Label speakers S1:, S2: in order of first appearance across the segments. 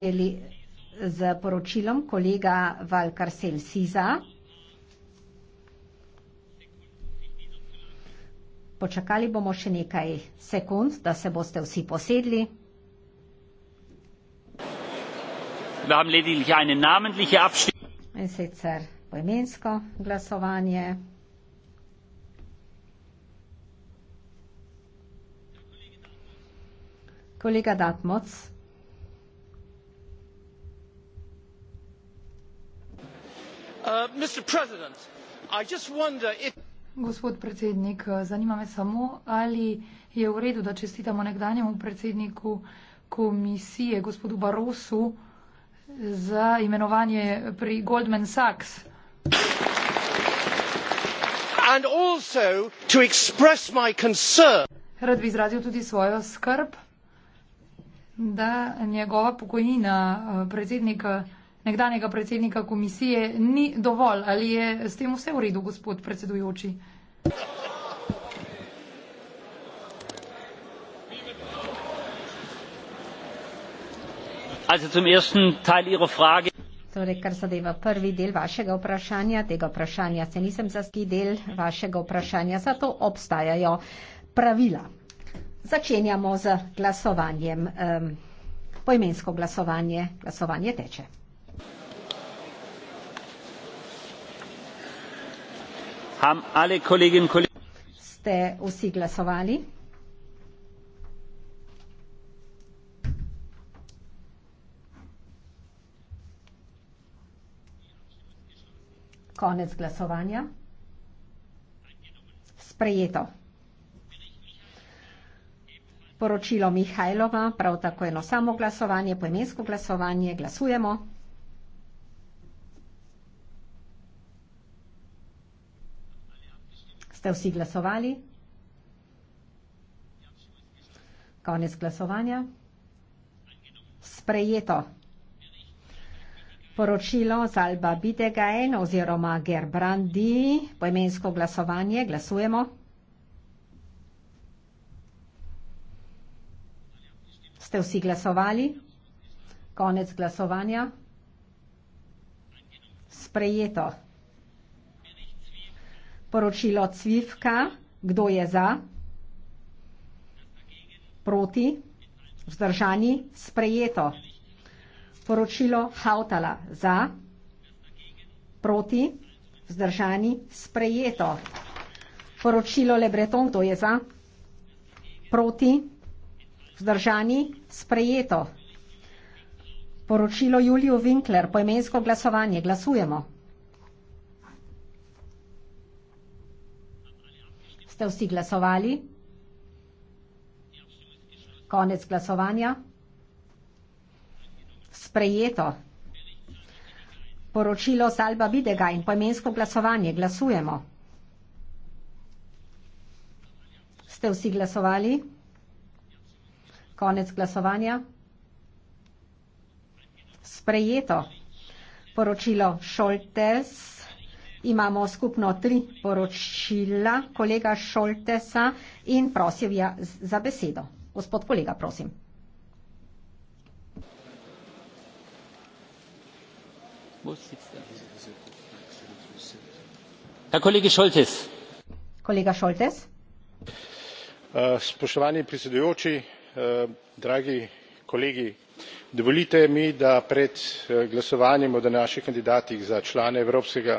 S1: začeli z poročilom kolega Valkar Selsiza. Počakali bomo še nekaj sekund, da se boste vsi posedli. In sicer poimensko glasovanje. Kolega Datmoc.
S2: Uh,
S3: Gospod predsednik, uh, zanima me samo, ali je v redu, da čestitamo nekdanjemu predsedniku komisije, gospodu Barosu, za imenovanje pri Goldman Sachs.
S2: And also to express my concern.
S3: Rad bi izrazil tudi svojo skrb, da njegova pokojnina uh, predsednika komisije nekdanjega predsednika komisije, ni dovolj. Ali je s tem vse v redu, gospod predsedujoči?
S1: Torej, kar zadeva prvi del vašega vprašanja, tega vprašanja se nisem zaski del vašega vprašanja, zato obstajajo pravila. Začenjamo z glasovanjem, um, poimensko glasovanje, glasovanje teče. ste vsi glasovali? Konec glasovanja. Sprejeto. Poročilo Mihajlova, prav tako eno samo glasovanje, poimensko glasovanje, glasujemo. Ste vsi glasovali? Konec glasovanja. Sprejeto. Poročilo za Alba Bidegajn oziroma Gerbrandi, poimensko glasovanje, glasujemo. Ste vsi glasovali? Konec glasovanja. Sprejeto. Poročilo Cvifka, kdo je za? Proti? Vzdržani? Sprejeto. Poročilo Hautala, za? Proti? Vzdržani? Sprejeto. Poročilo Lebreton, kdo je za? Proti? Vzdržani? Sprejeto. Poročilo Julijo Winkler, poimensko glasovanje, glasujemo. Ste vsi glasovali? Konec glasovanja. Sprejeto. Poročilo Salba Videga in poimensko glasovanje. Glasujemo. Ste vsi glasovali? Konec glasovanja. Sprejeto. Poročilo Šoltes. Imamo skupno tri poročila kolega Šoltesa in prosil je za besedo. Gospod kolega, prosim. Kolega Šoltes.
S2: Eh, spoštovani predsedujoči, eh, dragi kolegi, dovolite mi, da pred eh, glasovanjem o današnjih kandidatih za člane Evropskega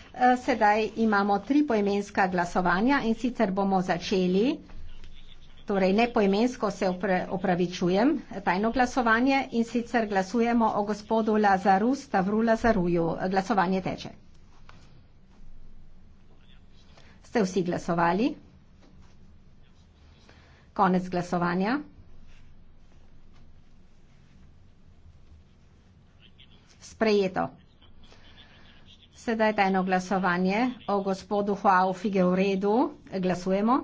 S1: Eh, sedaj imamo tri poimenska glasovanja in sicer bomo začeli, torej ne poimensko se opravičujem, tajno glasovanje in sicer glasujemo o gospodu Lazaru Stavru Lazaruju. Glasovanje teče. Ste vsi glasovali? Konec glasovanja. Sprejeto. Sedaj pa eno glasovanje o gospodu Huawei Figueiredu. Glasujemo.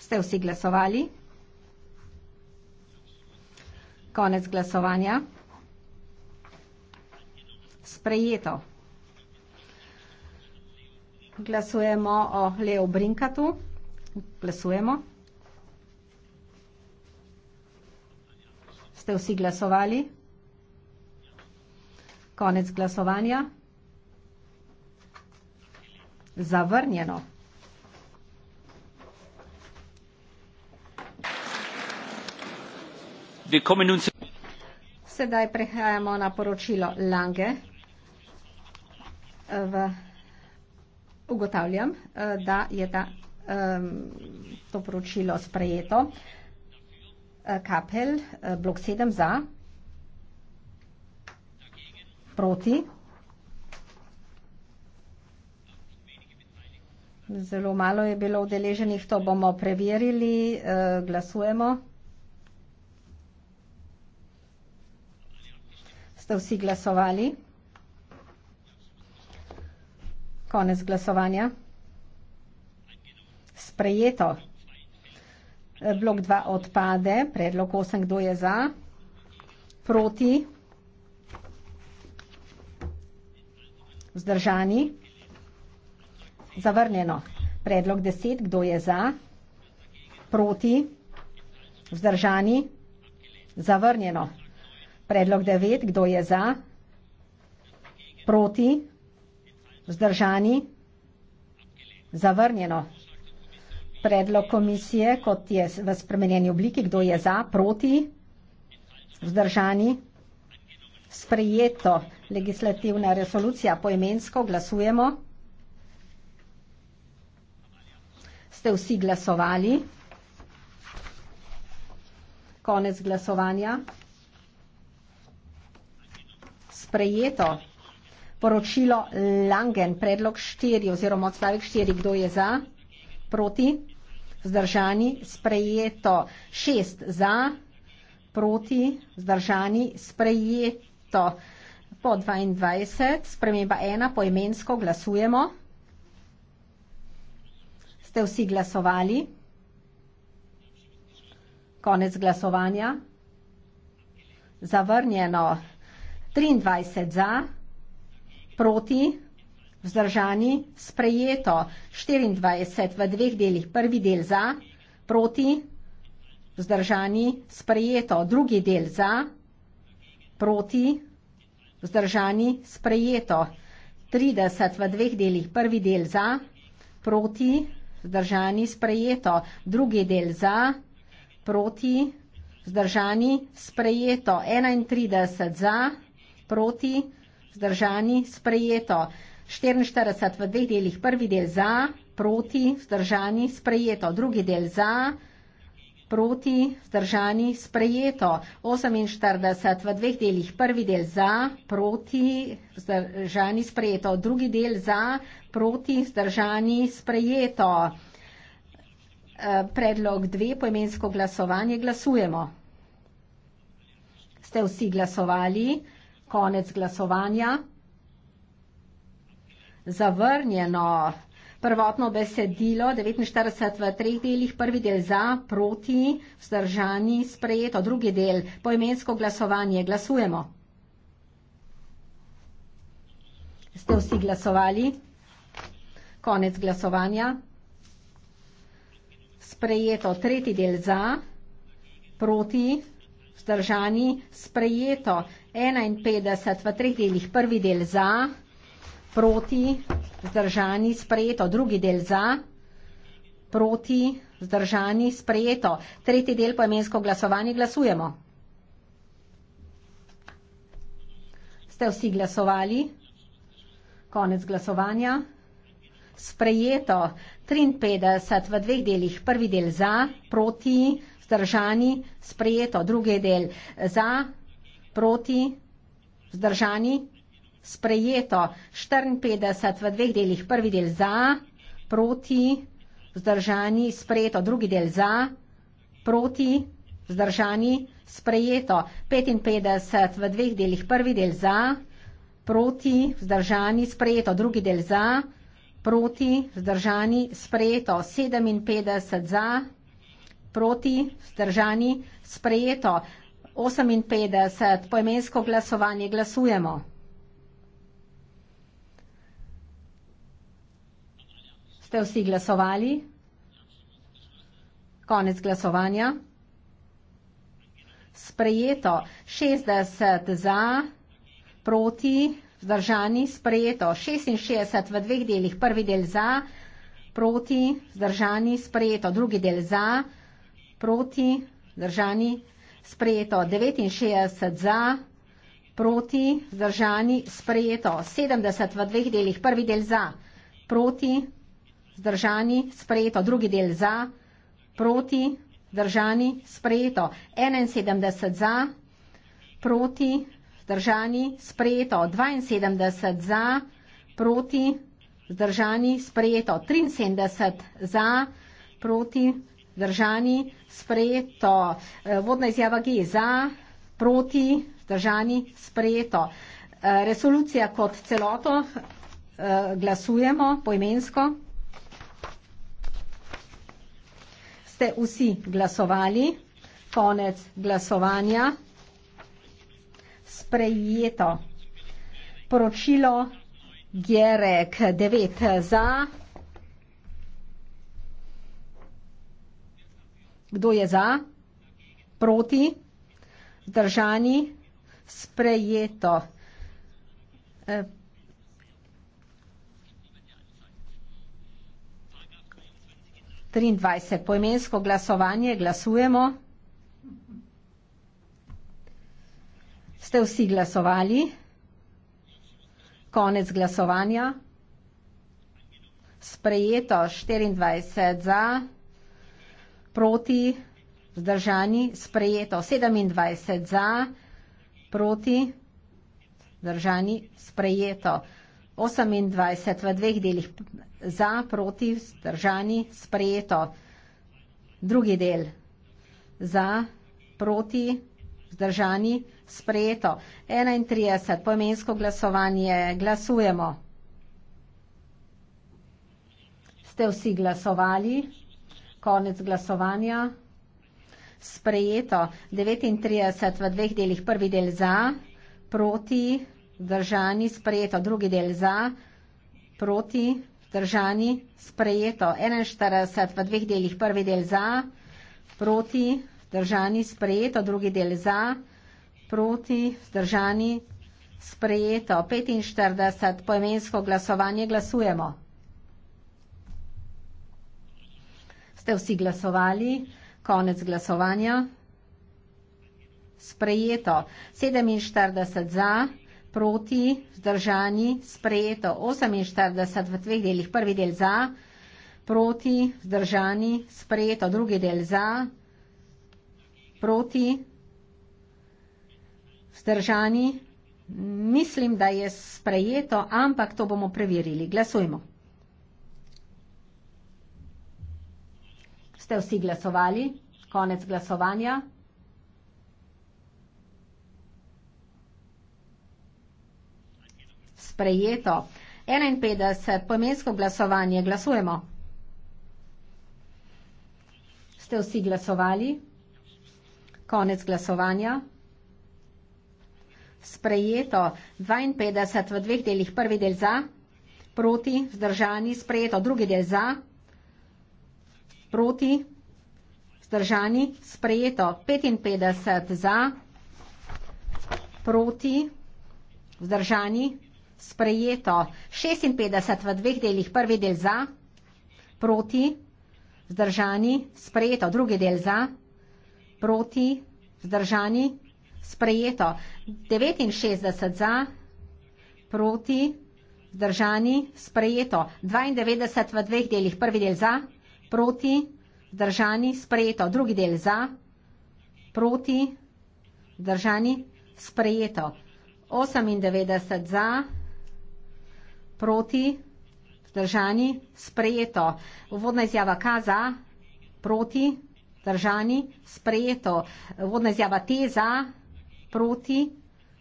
S1: Ste vsi glasovali? Konec glasovanja. Sprejeto. Glasujemo o Leo Brinkatu. Glasujemo. Ste vsi glasovali? Glasujemo. Konec glasovanja. Zavrnjeno. Sedaj prehajamo na poročilo Lange. V, ugotavljam, da je ta, to poročilo sprejeto. Kapel, blok 7 za, proti. Zelo malo je bilo udeleženih, to bomo preverili, eh, glasujemo. Ste vsi glasovali? Konec glasovanja. Sprejeto. Eh, blok 2 odpade. Predlog 8. Kdo je za? Proti. Vzdržani? Zavrnjeno. Predlog deset, kdo je za? Proti? Vzdržani? Zavrnjeno. Predlog devet, kdo je za? Proti? Vzdržani? Zavrnjeno. Predlog komisije, kot je v spremenjeni obliki, kdo je za? Proti? Vzdržani? Zavrnjeno sprejeto legislativna resolucija, poimensko glasujemo. Ste vsi glasovali? Konec glasovanja. Sprejeto. Poročilo Langen, predlog štiri oziroma odstavek štiri, kdo je za, proti, zdržani, sprejeto. Šest za, proti, zdržani, sprejeto leto. Po 22, sprememba 1, poimensko glasujemo. Ste vsi glasovali? Konec glasovanja. Zavrnjeno 23 za, proti, vzdržani, sprejeto 24 v dveh delih. Prvi del za, proti, vzdržani, sprejeto drugi del za, proti, vzdržani, sprejeto. 30 v dveh delih, prvi del za, proti, vzdržani, sprejeto. Drugi del za, proti, vzdržani, sprejeto. 31 za, proti, vzdržani, sprejeto. 44 v dveh delih, prvi del za, proti, vzdržani, sprejeto. Drugi del za, proti, vzdržani, sprejeto proti, vzdržani, sprejeto. 48 v dveh delih. Prvi del za, proti, vzdržani, sprejeto. Drugi del za, proti, vzdržani, sprejeto. E, predlog dve, poimensko glasovanje, glasujemo. Ste vsi glasovali? Konec glasovanja. Zavrnjeno prvotno besedilo, 49 v treh delih, prvi del za, proti, vzdržani, sprejeto, drugi del poimensko glasovanje. Glasujemo. Ste vsi glasovali? Konec glasovanja. Sprejeto, tretji del za, proti, vzdržani, sprejeto, 51 v treh delih, prvi del za proti, zdržani, sprejeto, drugi del za, proti, zdržani, sprejeto, tretji del poemensko glasovanje, glasujemo. Ste vsi glasovali? Konec glasovanja. Sprejeto 53 v dveh delih. Prvi del za, proti, zdržani, sprejeto. Drugi del za, proti, zdržani, sprejeto 54 v dveh delih, prvi del za, proti, vzdržani, sprejeto, drugi del za, proti, vzdržani, sprejeto 55 v dveh delih, prvi del za, proti, vzdržani, sprejeto, drugi del za, proti, vzdržani, sprejeto 57 za, proti, vzdržani, sprejeto 58 poimensko glasovanje glasujemo. Ste vsi glasovali? Konec glasovanja. Sprejeto. 60 za, proti, vzdržani. Sprejeto. 66 v dveh delih. Prvi del za, proti, vzdržani. Sprejeto. Drugi del za, proti, vzdržani. Sprejeto. 69 za, proti, vzdržani. Sprejeto. 70 v dveh delih. Prvi del za, proti, vzdržani zdržani, sprejeto, drugi del za, proti, zdržani, sprejeto, 71 za, proti, zdržani, sprejeto, 72 za, proti, zdržani, sprejeto, 73 za, proti, zdržani, sprejeto, e, vodna izjava G za, proti, zdržani, sprejeto. E, resolucija kot celoto e, glasujemo poimensko. imensko. ste vsi glasovali. Konec glasovanja. Sprejeto. Poročilo Gerek 9 za. Kdo je za? Proti? Zdržani? Sprejeto. E, 23. Poimensko glasovanje, glasujemo. Ste vsi glasovali? Konec glasovanja. Sprejeto 24 za, proti, vzdržani. Sprejeto 27 za, proti, vzdržani. Sprejeto 28 v dveh delih za, proti, vzdržani, sprejeto. Drugi del. Za, proti, vzdržani, sprejeto. 31. Pojmensko glasovanje. Glasujemo. Ste vsi glasovali? Konec glasovanja. Sprejeto. 39 v dveh delih. Prvi del za, proti, držani, sprejeto. Drugi del za, proti, Zdržani, sprejeto 41 v dveh delih, prvi del za, proti, zdržani, sprejeto, drugi del za, proti, zdržani, sprejeto 45 poemensko glasovanje glasujemo. Ste vsi glasovali? Konec glasovanja. Sprejeto 47 za proti, vzdržani, sprejeto 48 v dveh delih. Prvi del za, proti, vzdržani, sprejeto drugi del za, proti, vzdržani. Mislim, da je sprejeto, ampak to bomo preverili. Glasujmo. Ste vsi glasovali? Konec glasovanja. sprejeto. 51, pomensko glasovanje, glasujemo. Ste vsi glasovali? Konec glasovanja. Sprejeto 52 v dveh delih. Prvi del za, proti, vzdržani, sprejeto. Drugi del za, proti, vzdržani, sprejeto. 55 za, proti, vzdržani, sprejeto. 56 v dveh delih, prvi del za, proti, zdržani, sprejeto, drugi del za, proti, zdržani, sprejeto. 69 za, proti, zdržani, sprejeto. 92 v dveh delih, prvi del za, proti, zdržani, sprejeto, drugi del za, proti, zdržani, sprejeto. 98 za, proti, zdržani, sprejeto proti, vzdržani, sprejeto. Uvodna izjava K za, proti, vzdržani, sprejeto. Uvodna izjava T za, proti,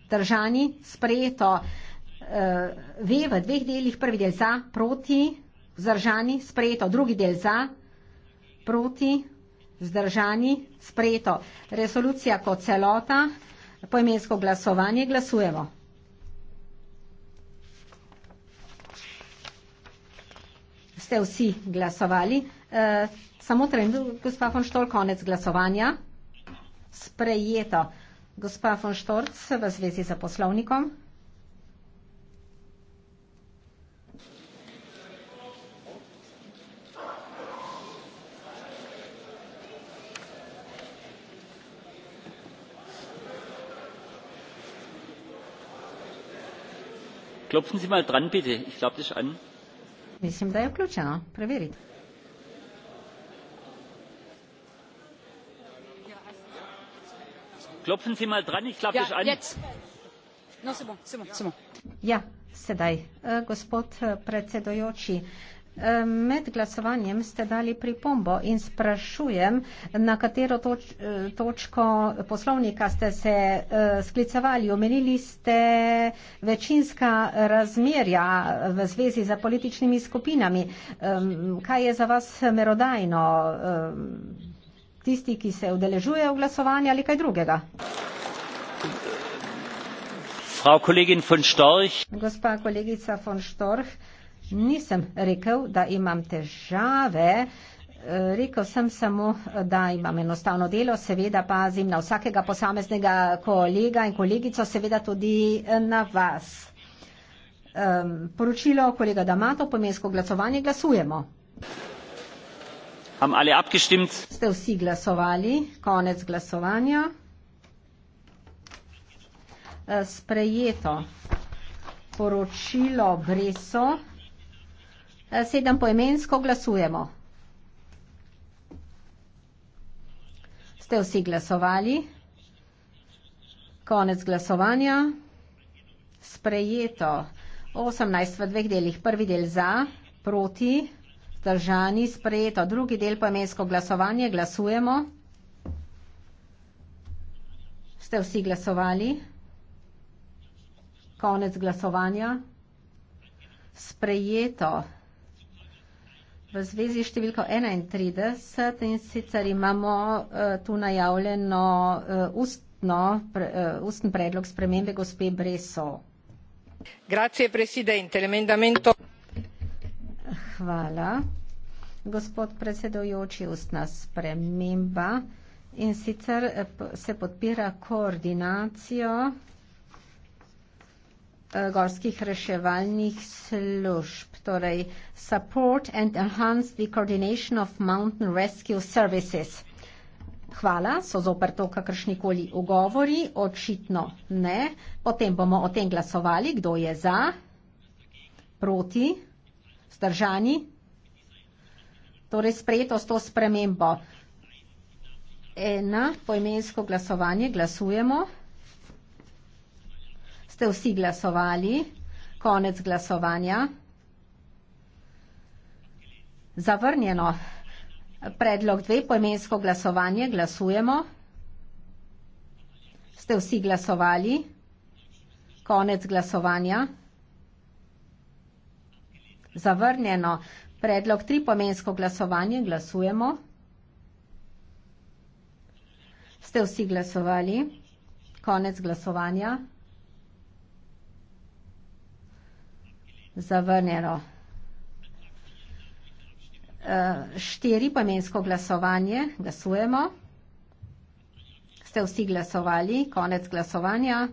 S1: vzdržani, sprejeto. Eh, v v dveh delih, prvi del za, proti, vzdržani, sprejeto. Drugi del za, proti, vzdržani, sprejeto. Resolucija kot celota, poimensko glasovanje, glasujemo. ste vsi glasovali. Uh, samo trend, gospa von Štol, konec glasovanja. Sprejeto. Gospa von Štorc v zvezi za poslovnikom.
S3: Klopfen Sie mal dran, bitte. Ich glaube, das ist an.
S1: Mislim, da je vključeno. Preverite.
S3: Klopfen si mal dran, ich klap ja, an. Jetzt.
S1: No, se bom, se bom, se bom. Ja, sedaj. Eh, gospod eh, predsedojoči, Med glasovanjem ste dali pripombo in sprašujem, na katero toč, točko poslovnika ste se uh, sklicevali. Omenili ste večinska razmerja v zvezi za političnimi skupinami. Um, kaj je za vas merodajno? Um, tisti, ki se udeležuje v glasovanju ali kaj drugega?
S3: Frau kolegin von Storch.
S1: Gospa kolegica von Storch. Uh, Nisem rekel, da imam težave, eh, rekel sem samo, da imam enostavno delo, seveda pazim na vsakega posameznega kolega in kolegico, seveda tudi eh, na vas. Poročilo kolega Damato, pomensko glasovanje, glasujemo.
S3: Haben alle abgestimmt?
S1: Ste vsi glasovali? Konec glasovanja. Eh, sprejeto poročilo Breso sedem poemensko glasujemo. Ste vsi glasovali? Konec glasovanja. Sprejeto. 18 v dveh delih. Prvi del za, proti, zdržani, sprejeto. Drugi del poemensko glasovanje. Glasujemo. Ste vsi glasovali? Konec glasovanja. Sprejeto v zvezi s številko 31 in sicer imamo uh, tu najavljeno uh, ustno, pre, uh, eh, ustn predlog spremembe gospe Breso. Grazie, presidente. L'emendamento. Hvala. Gospod predsedojoči, ustna sprememba. In sicer se podpira koordinacijo Eh, gorskih reševalnih služb, torej Support and Enhance the Coordination of Mountain Rescue Services. Hvala, so zoper to kakršnikoli ugovori, očitno ne. Potem bomo o tem glasovali, kdo je za, proti, vzdržani. Torej sprejeto s to spremembo. Ena, poimensko glasovanje, glasujemo ste vsi glasovali. Konec glasovanja. Zavrnjeno. Predlog dve, poimensko glasovanje, glasujemo. Ste vsi glasovali. Konec glasovanja. Zavrnjeno. Predlog tri, poimensko glasovanje, glasujemo. Ste vsi glasovali. Konec glasovanja. zavrnjeno. E, Štiri poimensko glasovanje, glasujemo. Ste vsi glasovali, konec glasovanja.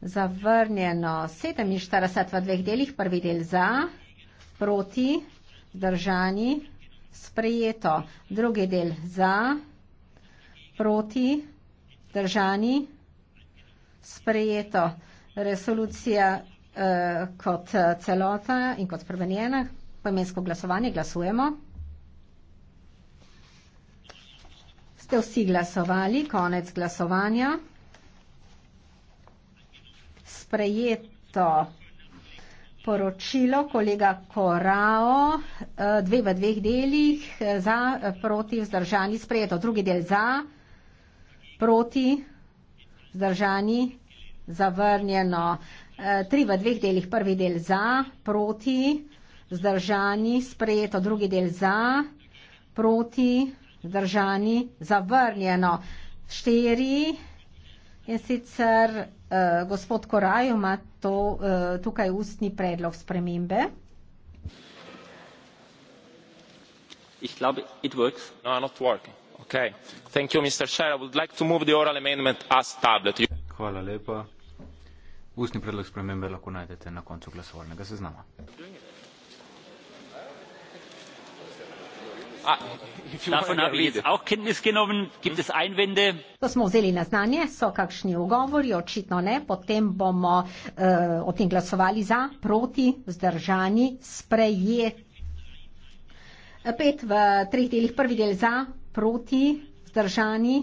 S1: Zavrnjeno 47 v dveh delih, prvi del za, proti, zdržani, sprejeto, drugi del za, proti, zdržani, sprejeto resolucija eh, kot eh, celota in kot spremenjena. Pojmensko glasovanje glasujemo. Ste vsi glasovali, konec glasovanja. Sprejeto poročilo kolega Korao, eh, dve v dveh delih, za, proti, vzdržani, sprejeto drugi del za, proti, vzdržani, zavrnjeno. E, tri v dveh delih, prvi del za, proti, zdržani, sprejeto, drugi del za, proti, zdržani, zavrnjeno. Štiri in sicer eh, gospod Koraj ima to, eh, tukaj ustni predlog spremembe.
S3: Ich glaube, it works. No, not working. Okay. Thank you, Mr. Chair. I would like to move the oral amendment as tablet. Hvala lepa. Ustni predlog spremembe lahko najdete na koncu glasovalnega seznama. Ah,
S1: to smo vzeli na znanje, so kakšni ogovori, očitno ne, potem bomo uh, o tem glasovali za, proti, zdržani, sprejet. Pet v treh delih, prvi del za, proti, zdržani,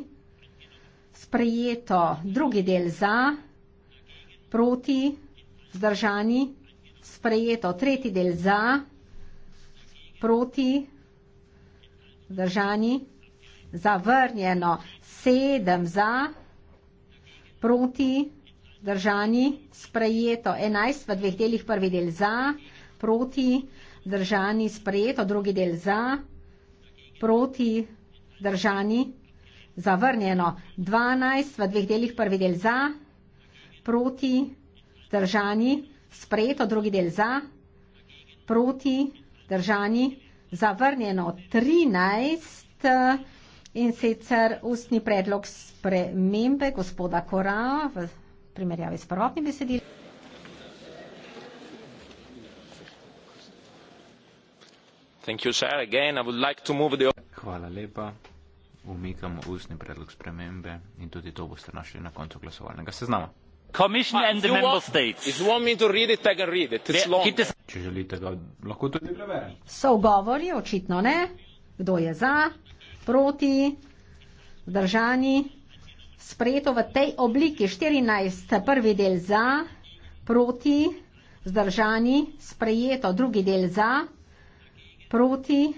S1: sprejeto, drugi del za proti, vzdržani, sprejeto. Tretji del za, proti, vzdržani, zavrnjeno. Sedem za, proti, vzdržani, sprejeto. Enajst v dveh delih, prvi del za, proti, vzdržani, sprejeto. Drugi del za, proti, vzdržani, zavrnjeno. Dvanajst v dveh delih, prvi del za, proti, vzdržani, sprejeto proti, držani, sprejeto, drugi del za, proti, držani, zavrnjeno, trinajst in sicer ustni predlog spremembe gospoda Kora v primerjavi s prvotnim besedilom.
S3: Hvala lepa. Umikamo ustni predlog spremembe in tudi to boste našli na koncu glasovalnega seznama commission and the member states. Če želite, ga lahko tudi preverite.
S1: So govori, očitno ne. Kdo je za, proti, zdržani, sprejeto v tej obliki 14. prvi del za, proti, zdržani, sprejeto drugi del za, proti,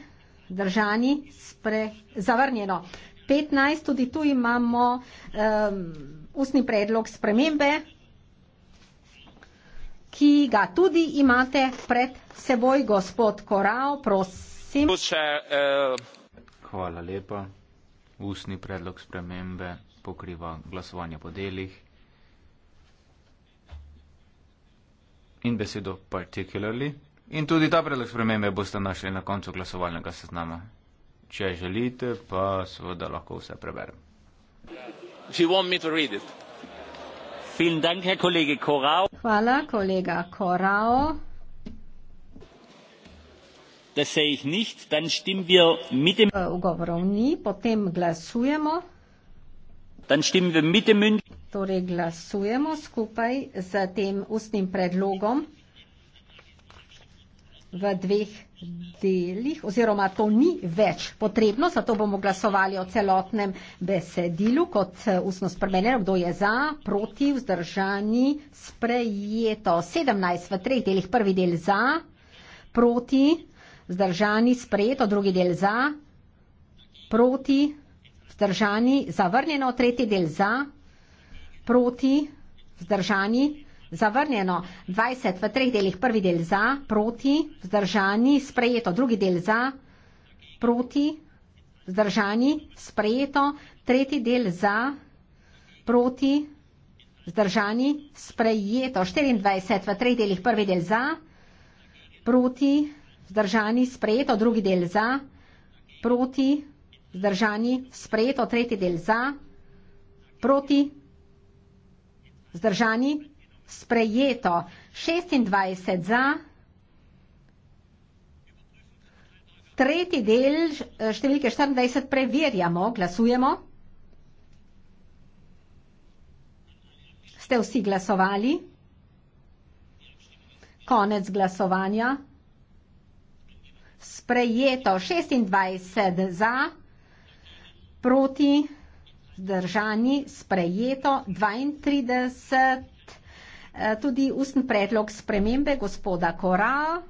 S1: zdržani, spre... zavrnjeno. 15. Tudi tu imamo. Um, ustni predlog spremembe, ki ga tudi imate pred seboj, gospod Korao, prosim.
S3: Eh, Hvala lepa. Ustni predlog spremembe pokriva glasovanje po delih. In besedo particularly. In tudi ta predlog spremembe boste našli na koncu glasovalnega seznama. Če želite, pa seveda lahko vse preberem. Yeah. Hvala,
S1: kolega Corrao.
S3: Da se jih ni, dan stimmen wir
S1: mit dem. Eh, ugovorov ni, potem glasujemo.
S3: Dan stimmen wir mit
S1: dem München. Torej glasujemo skupaj z tem ustnim predlogom v dveh delih, oziroma to ni več potrebno, zato bomo glasovali o celotnem besedilu, kot eh, usno spremenjeno, kdo je za, proti, vzdržani, sprejeto. 17 v treh delih, prvi del za, proti, vzdržani, sprejeto, drugi del za, proti, vzdržani, zavrnjeno, tretji del za, proti, vzdržani, zavrnjeno 20 v treh delih, prvi del za, proti, zdržani, sprejeto, drugi del za, proti, zdržani, sprejeto, tretji del za, proti, zdržani, sprejeto, 24 v treh delih, prvi del za, proti, zdržani, sprejeto, drugi del za, proti, zdržani, sprejeto, tretji del za, proti, zdržani, sprejeto, sprejeto 26 za. Tretji del številke 24 preverjamo, glasujemo. Ste vsi glasovali? Konec glasovanja. Sprejeto 26 za, proti, zdržani, sprejeto 32 Eh, tudi usten predlog spremembe gospoda Kora.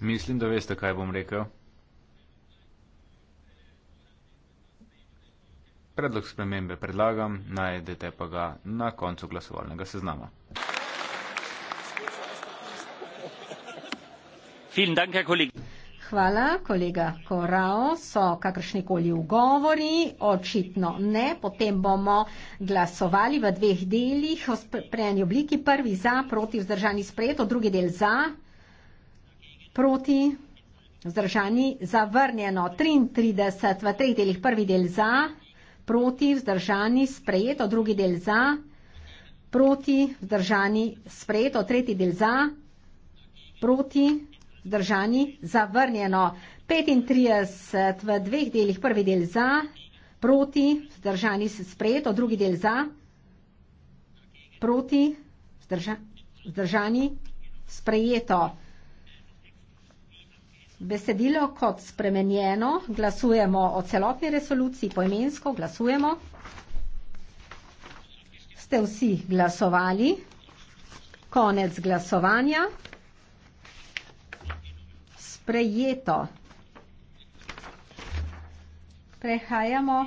S3: Mislim, da veste, kaj bom rekel. Predlog spremembe predlagam, najdete pa ga na koncu glasovalnega seznama. Vielen Dank, Herr Kollege
S1: hvala, kolega Korao. So kakršnikoli ugovori? Očitno ne. Potem bomo glasovali v dveh delih o sprejeni obliki. Prvi za, proti, vzdržani, sprejet. O drugi del za, proti, vzdržani, zavrnjeno. 33 v treh delih. Prvi del za, proti, vzdržani, sprejet. O drugi del za, proti, vzdržani, sprejet. O tretji del za, proti, vzdržani, sprejet vzdržani, zavrnjeno. 35 v dveh delih, prvi del za, proti, vzdržani se sprejeto, drugi del za, proti, vzdrža, vzdržani, sprejeto. Besedilo kot spremenjeno, glasujemo o celotni resoluciji, poimensko glasujemo. Ste vsi glasovali? Konec glasovanja sprejeto. Prehajamo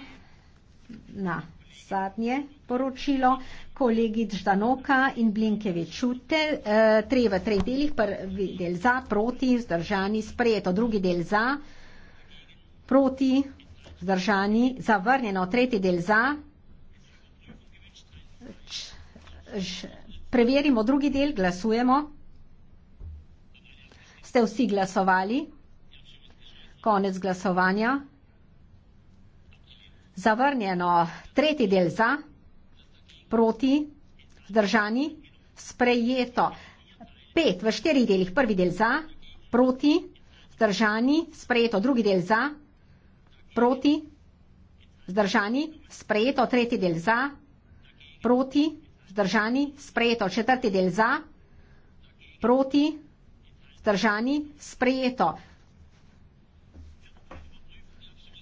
S1: na zadnje poročilo. Kolegi Ždanoka in Blinkevič Ute, e, tre v treh delih, prvi del za, proti, zdržani, sprejeto, drugi del za, proti, zdržani, zavrnjeno, tretji del za. Preverimo drugi del, glasujemo. Ste vsi glasovali? Konec glasovanja. Zavrnjeno. Tretji del za, proti, vzdržani, sprejeto. Pet v štirih delih. Prvi del za, proti, vzdržani, sprejeto. Drugi del za, proti, vzdržani, sprejeto. Tretji del za, proti, vzdržani, sprejeto. Četrti del za, proti, vzdržani. Zdržani, sprejeto.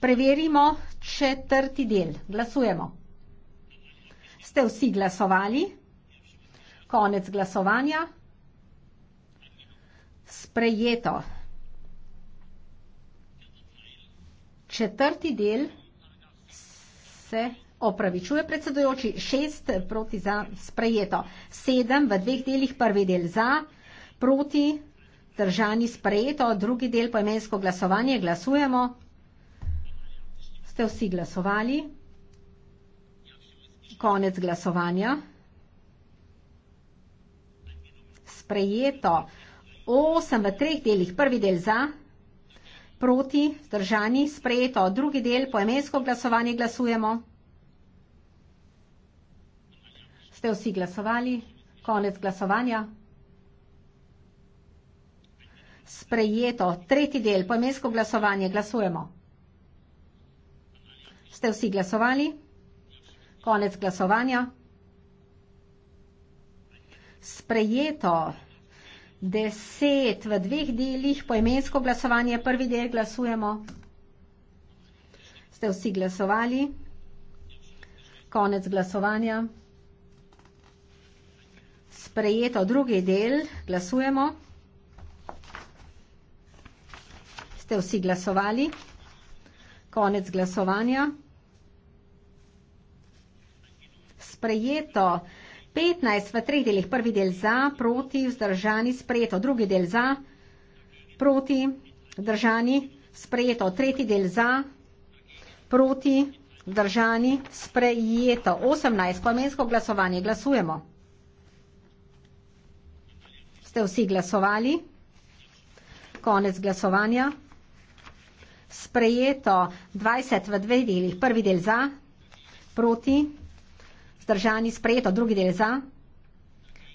S1: Preverimo četrti del. Glasujemo. Ste vsi glasovali? Konec glasovanja. Sprejeto. Četrti del se opravičuje predsedojoči. Šest proti za sprejeto. Sedem v dveh delih prvi del za, proti vzdržani, sprejeto. Drugi del poimensko glasovanje. Glasujemo. Ste vsi glasovali? Konec glasovanja. Sprejeto. Osem v treh delih. Prvi del za, proti, vzdržani, sprejeto. Drugi del poimensko glasovanje. Glasujemo. Ste vsi glasovali? Konec glasovanja. Sprejeto. Tretji del. Poimensko glasovanje. Glasujemo. Ste vsi glasovali? Konec glasovanja. Sprejeto. Deset v dveh delih. Poimensko glasovanje. Prvi del. Glasujemo. Ste vsi glasovali? Konec glasovanja. Sprejeto. Drugi del. Glasujemo. ste vsi glasovali. Konec glasovanja. Sprejeto. 15 v treh delih. Prvi del za, proti, vzdržani, sprejeto. Drugi del za, proti, vzdržani, sprejeto. Tretji del za, proti, vzdržani, sprejeto. 18. Poimensko glasovanje. Glasujemo. Ste vsi glasovali? Konec glasovanja sprejeto 20 v dveh delih. Prvi del za, proti, zdržani, sprejeto, drugi del za,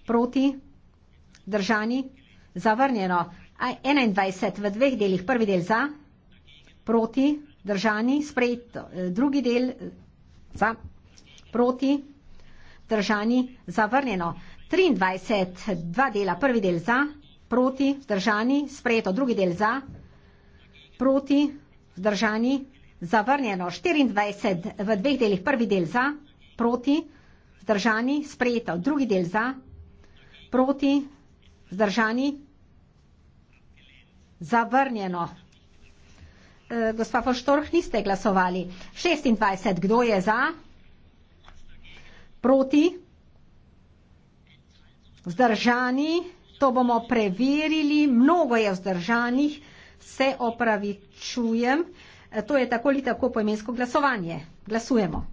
S1: proti, zdržani, zavrnjeno. 21 v dveh delih, prvi del za, proti, zdržani, sprejeto, drugi del eh, za, proti, zdržani, zavrnjeno. 23, dva dela, prvi del za, proti, zdržani, sprejeto, drugi del za, proti, zdržani, Zdržani? Zavrnjeno. 24 v dveh delih. Prvi del za, proti. Zdržani? Sprejeto. Drugi del za, proti. Zdržani? Zavrnjeno. E, gospa Foštorh, niste glasovali. 26. Kdo je za? Proti? Vzdržani? To bomo preverili. Mnogo je vzdržanih se opravičujem, e, to je tako ali tako poimensko glasovanje. Glasujemo.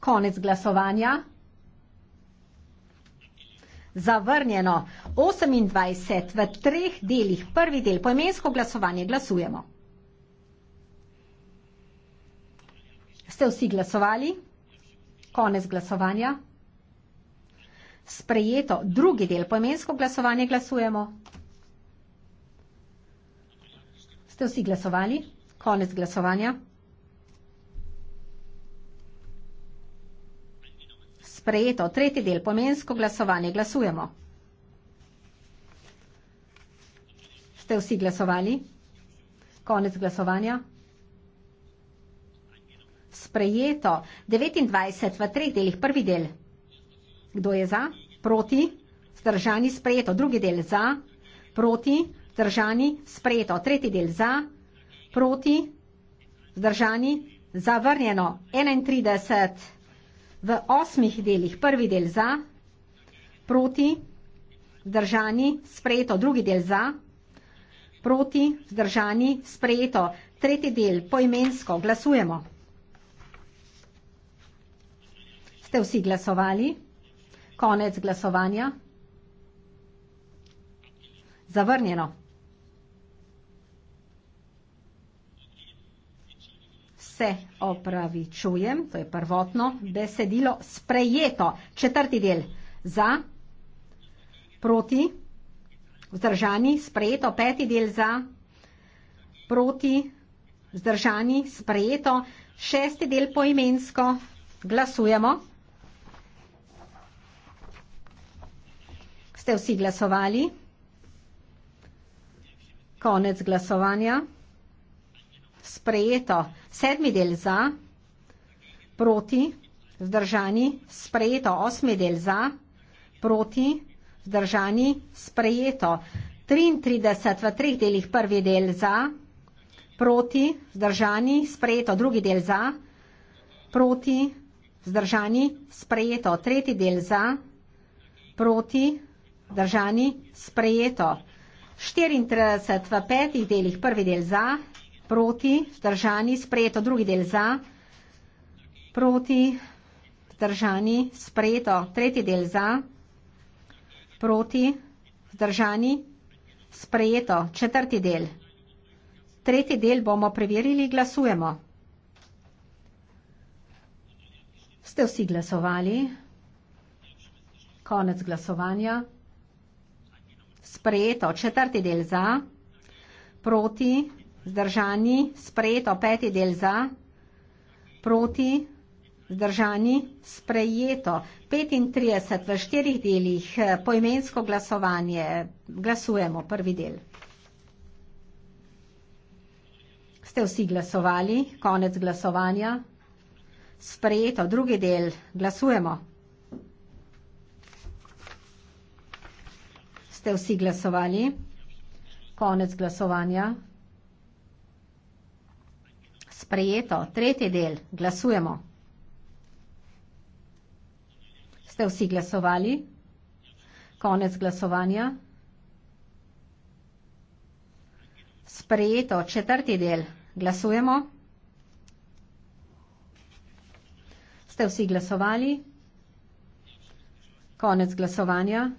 S1: Konec glasovanja. Zavrnjeno. 28 v treh delih. Prvi del, poimensko glasovanje, glasujemo. Ste vsi glasovali? Konec glasovanja. Sprejeto. Drugi del. Poemensko glasovanje glasujemo. Ste vsi glasovali? Konec glasovanja. Sprejeto. Tretji del. Poemensko glasovanje glasujemo. Ste vsi glasovali? Konec glasovanja sprejeto. 29 v treh delih. Prvi del. Kdo je za? Proti. Zdržani sprejeto. Drugi del za. Proti. Zdržani sprejeto. Tretji del za. Proti. Zdržani. Zavrnjeno. 31 v osmih delih. Prvi del za. Proti. Zdržani sprejeto. Drugi del za. Proti. Zdržani sprejeto. Tretji del poimensko. Glasujemo. Ste vsi glasovali? Konec glasovanja. Zavrnjeno. Se opravičujem, to je prvotno besedilo sprejeto. Četrti del za, proti, vzdržani, sprejeto. Peti del za, proti, vzdržani, sprejeto. Šesti del poimensko. Glasujemo. Ste vsi glasovali? Konec glasovanja. Sprejeto. Sedmi del za, proti, vzdržani, sprejeto. Osmi del za, proti, vzdržani, sprejeto. 33 v treh delih prvi del za, proti, vzdržani, sprejeto. Drugi del za, proti, vzdržani, sprejeto. Tretji del za, proti, Držani, sprejeto. 34 v petih delih, prvi del za, proti, držani, sprejeto, drugi del za, proti, držani, sprejeto, tretji del za, proti, držani, sprejeto, četrti del. Tretji del bomo preverili, glasujemo. Ste vsi glasovali? Konec glasovanja sprejeto četrti del za, proti, zdržani, sprejeto peti del za, proti, zdržani, sprejeto. 35 v štirih delih eh, poimensko glasovanje. Glasujemo prvi del. Ste vsi glasovali? Konec glasovanja. Sprejeto drugi del. Glasujemo. ste vsi glasovali. Konec glasovanja. Sprejeto. Tretji del. Glasujemo. Ste vsi glasovali? Konec glasovanja. Sprejeto. Četrti del. Glasujemo. Ste vsi glasovali? Konec glasovanja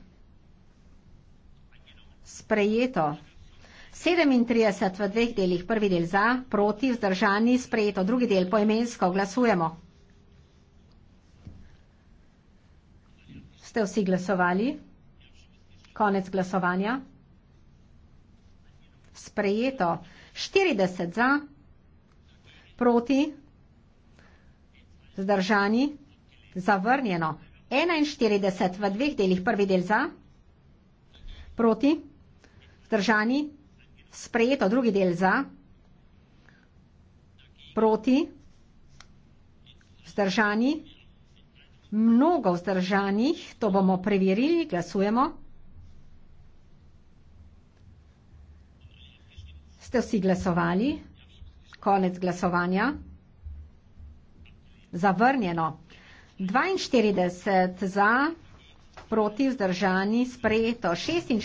S1: sprejeto. 37 v dveh delih, prvi del za, proti, vzdržani, sprejeto, drugi del poimensko, glasujemo. Ste vsi glasovali? Konec glasovanja. Sprejeto. 40 za, proti, zdržani, zavrnjeno. 41 v dveh delih, prvi del za, proti, zdržani. Vzdržani? Sprejeto. Drugi del za? Proti? Vzdržani? Mnogo vzdržanih. To bomo preverili. Glasujemo. Ste vsi glasovali? Konec glasovanja. Zavrnjeno. 42 za 42 proti vzdržani sprejeto 46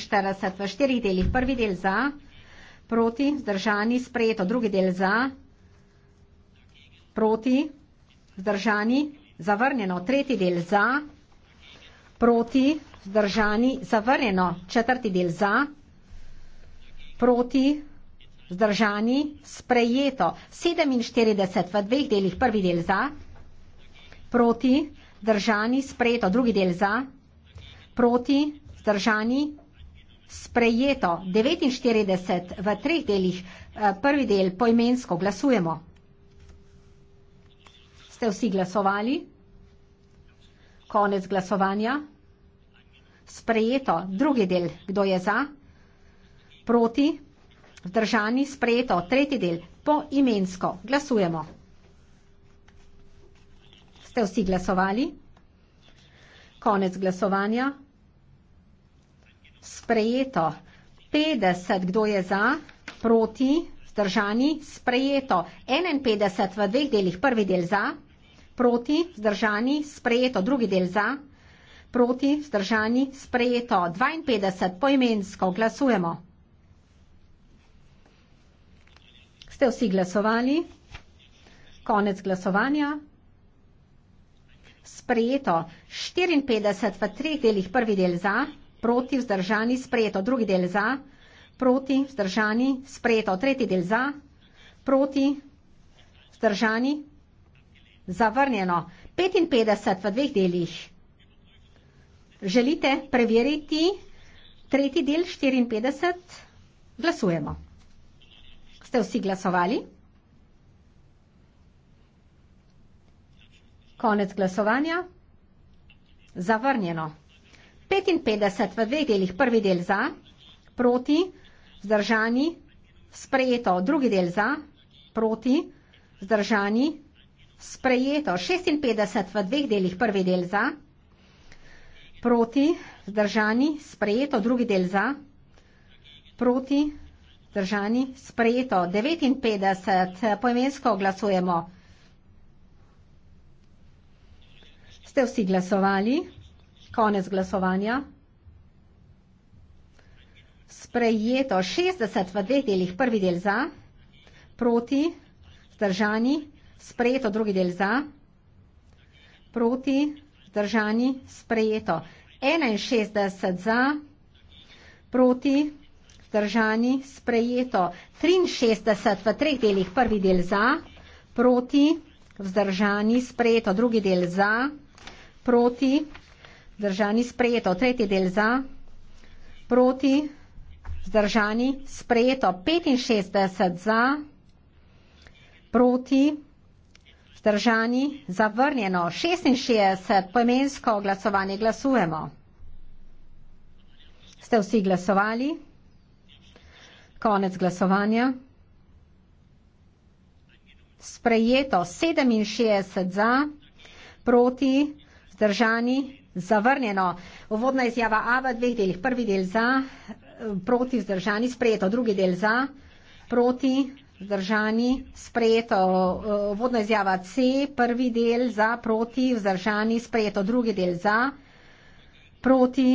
S1: v štirih delih. Prvi del za, proti vzdržani sprejeto. Drugi del za, proti vzdržani zavrnjeno. Tretji del za, proti vzdržani zavrnjeno. Četrti del za, proti vzdržani sprejeto. 47 v dveh delih. Prvi del za, proti vzdržani sprejeto. Drugi del za, proti vzdržani sprejeto proti, zdržani, sprejeto 49 v treh delih. Eh, prvi del poimensko glasujemo. Ste vsi glasovali? Konec glasovanja. Sprejeto drugi del. Kdo je za? Proti, vzdržani, sprejeto tretji del. Poimensko glasujemo. Ste vsi glasovali? Konec glasovanja. Sprejeto. 50, kdo je za, proti, zdržani, sprejeto. 51 v dveh delih, prvi del za, proti, zdržani, sprejeto, drugi del za, proti, zdržani, sprejeto. 52 poimensko glasujemo. Ste vsi glasovali? Konec glasovanja sprejeto 54 v treh delih, prvi del za, proti vzdržani, sprejeto drugi del za, proti vzdržani, sprejeto tretji del za, proti vzdržani, zavrnjeno 55 v dveh delih. Želite preveriti tretji del 54? Glasujemo. Ste vsi glasovali? Konec glasovanja. Zavrnjeno. 55 v dveh delih. Prvi del za, proti, vzdržani, sprejeto. Drugi del za, proti, vzdržani, sprejeto. 56 v dveh delih. Prvi del za, proti, vzdržani, sprejeto. Drugi del za, proti, vzdržani, sprejeto. 59 poimensko glasujemo. Ste vsi glasovali? Konec glasovanja. Sprejeto 60 v dveh delih. Prvi del za, proti, zdržani, sprejeto drugi del za, proti, zdržani, sprejeto 61 za, proti, zdržani, sprejeto 63 v treh delih. Prvi del za, proti, vzdržani, sprejeto drugi del za proti, zdržani, sprejeto. Tretji del za, proti, zdržani, sprejeto. 65 za, proti, zdržani, zavrnjeno. 66 poimensko glasovanje glasujemo. Ste vsi glasovali? Konec glasovanja. Sprejeto 67 za, proti, vzdržani, zavrnjeno. Uvodna izjava A v dveh delih. Prvi del za, proti vzdržani, sprejeto. Drugi del za, proti vzdržani, sprejeto. Uvodna izjava C, prvi del za, proti vzdržani, sprejeto. Drugi del za, proti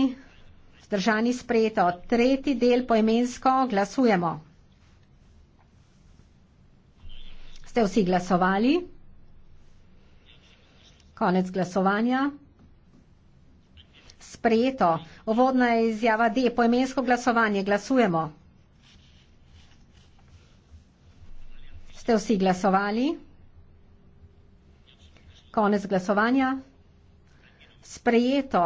S1: vzdržani, sprejeto. Tretji del poimensko glasujemo. Ste vsi glasovali? Konec glasovanja. Sprejeto. Ovodna je izjava D. Poimensko glasovanje. Glasujemo. Ste vsi glasovali? Konec glasovanja. Sprejeto.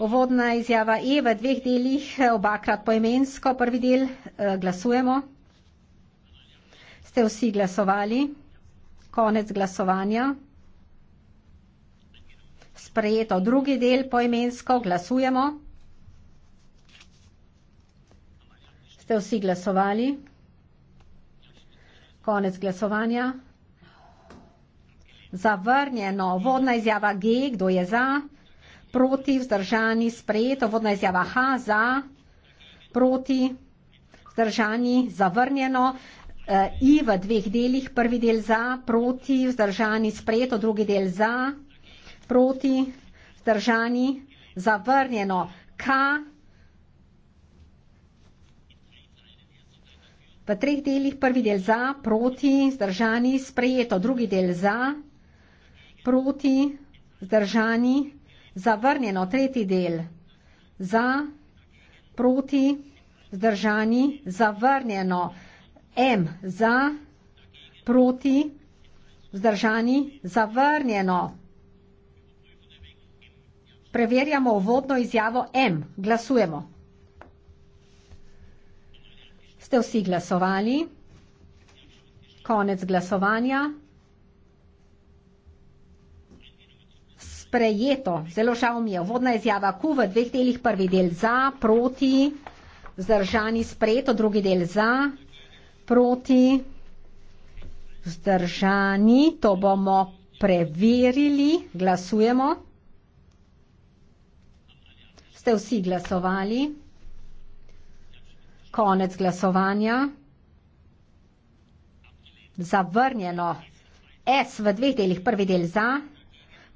S1: Ovodna izjava E v dveh delih, obakrat poimensko. Prvi del eh, glasujemo. Ste vsi glasovali? Konec glasovanja sprejeto drugi del poimensko, glasujemo. Ste vsi glasovali? Konec glasovanja. Zavrnjeno. Vodna izjava G, kdo je za? Proti, vzdržani, sprejeto. Vodna izjava H, za? Proti, vzdržani, zavrnjeno. E, I v dveh delih, prvi del za, proti, vzdržani, sprejeto, drugi del za proti, vzdržani, zavrnjeno. K. V treh delih, prvi del za, proti, vzdržani, sprejeto, drugi del za, proti, vzdržani, zavrnjeno, tretji del za, proti, vzdržani, zavrnjeno, M za, proti, vzdržani, zavrnjeno, Preverjamo uvodno izjavo M. Glasujemo. Ste vsi glasovali? Konec glasovanja. Sprejeto. Zelo žal mi je. Uvodna izjava Q v dveh delih. Prvi del za, proti, zdržani, sprejeto. Drugi del za, proti, zdržani. To bomo preverili. Glasujemo. Ste vsi glasovali? Konec glasovanja. Zavrnjeno. S v dveh delih. Prvi del za,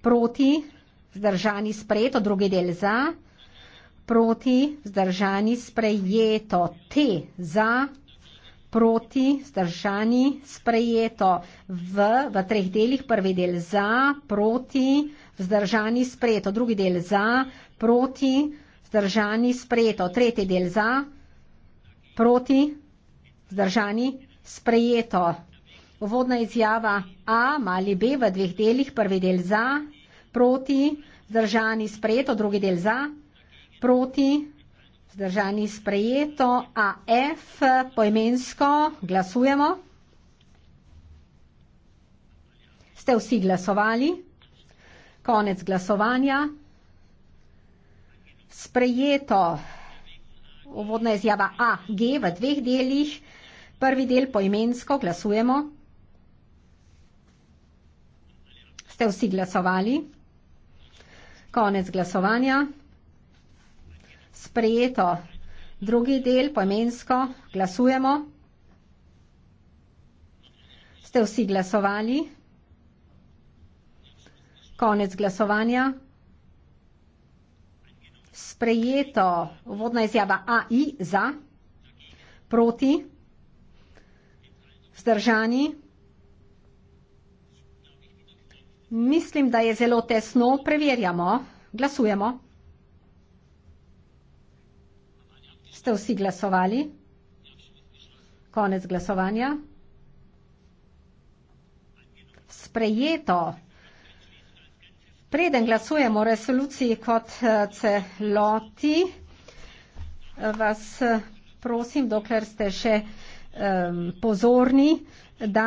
S1: proti, zdržani sprejeto, drugi del za, proti, zdržani sprejeto. T za, proti, zdržani sprejeto. V v treh delih. Prvi del za, proti, zdržani sprejeto, drugi del za, proti proti, zdržani, sprejeto. Tretji del za, proti, zdržani, sprejeto. Uvodna izjava A, mali B v dveh delih, prvi del za, proti, zdržani, sprejeto, drugi del za, proti, zdržani, sprejeto, AF, poimensko, glasujemo. Ste vsi glasovali? Konec glasovanja sprejeto uvodna izjava A, G v dveh delih. Prvi del poimensko glasujemo. Ste vsi glasovali? Konec glasovanja. Sprejeto. Drugi del poimensko glasujemo. Ste vsi glasovali? Konec glasovanja sprejeto uvodna izjava AI za, proti, vzdržani. Mislim, da je zelo tesno. Preverjamo. Glasujemo. Ste vsi glasovali? Konec glasovanja. Sprejeto. Preden glasujemo o resoluciji kot celoti, eh, eh, vas eh, prosim, dokler ste še pozorni, da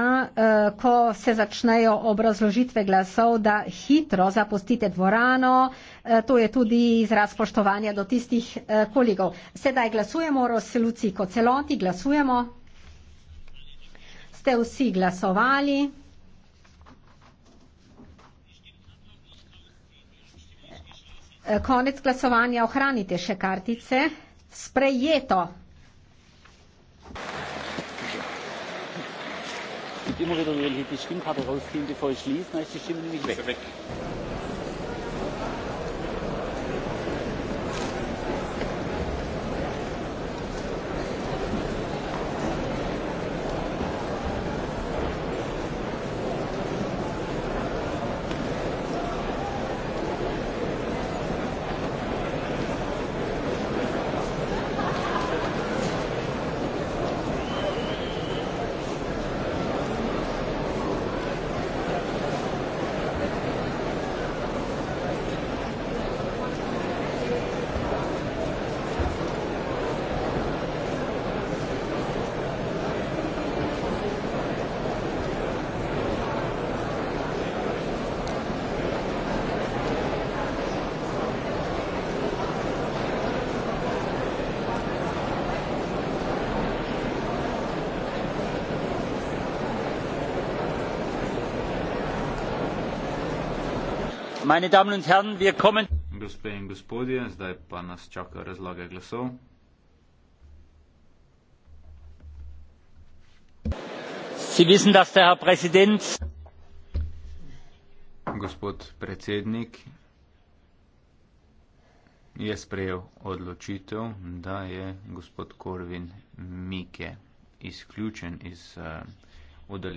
S1: ko se začnejo obrazložitve glasov, da hitro zapustite dvorano. To je tudi izraz spoštovanja do tistih kolegov. Sedaj glasujemo o resoluciji kot celoti. Glasujemo. Ste vsi glasovali? Eh, konec glasovanja, ohranite še kartice. Sprejeto.
S3: Immer wieder die Stimmkarte rausziehen, bevor ich schließe, dann ist die Stimme nämlich weg. Ist er weg. meine damen und herren wir kommen gospe in gospodje zdaj pa nas čaka razlage glasov sie wissen dass der herr präsident gospod predsednik je sprejel odločitev da je gospod korvin mike izključen iz uh,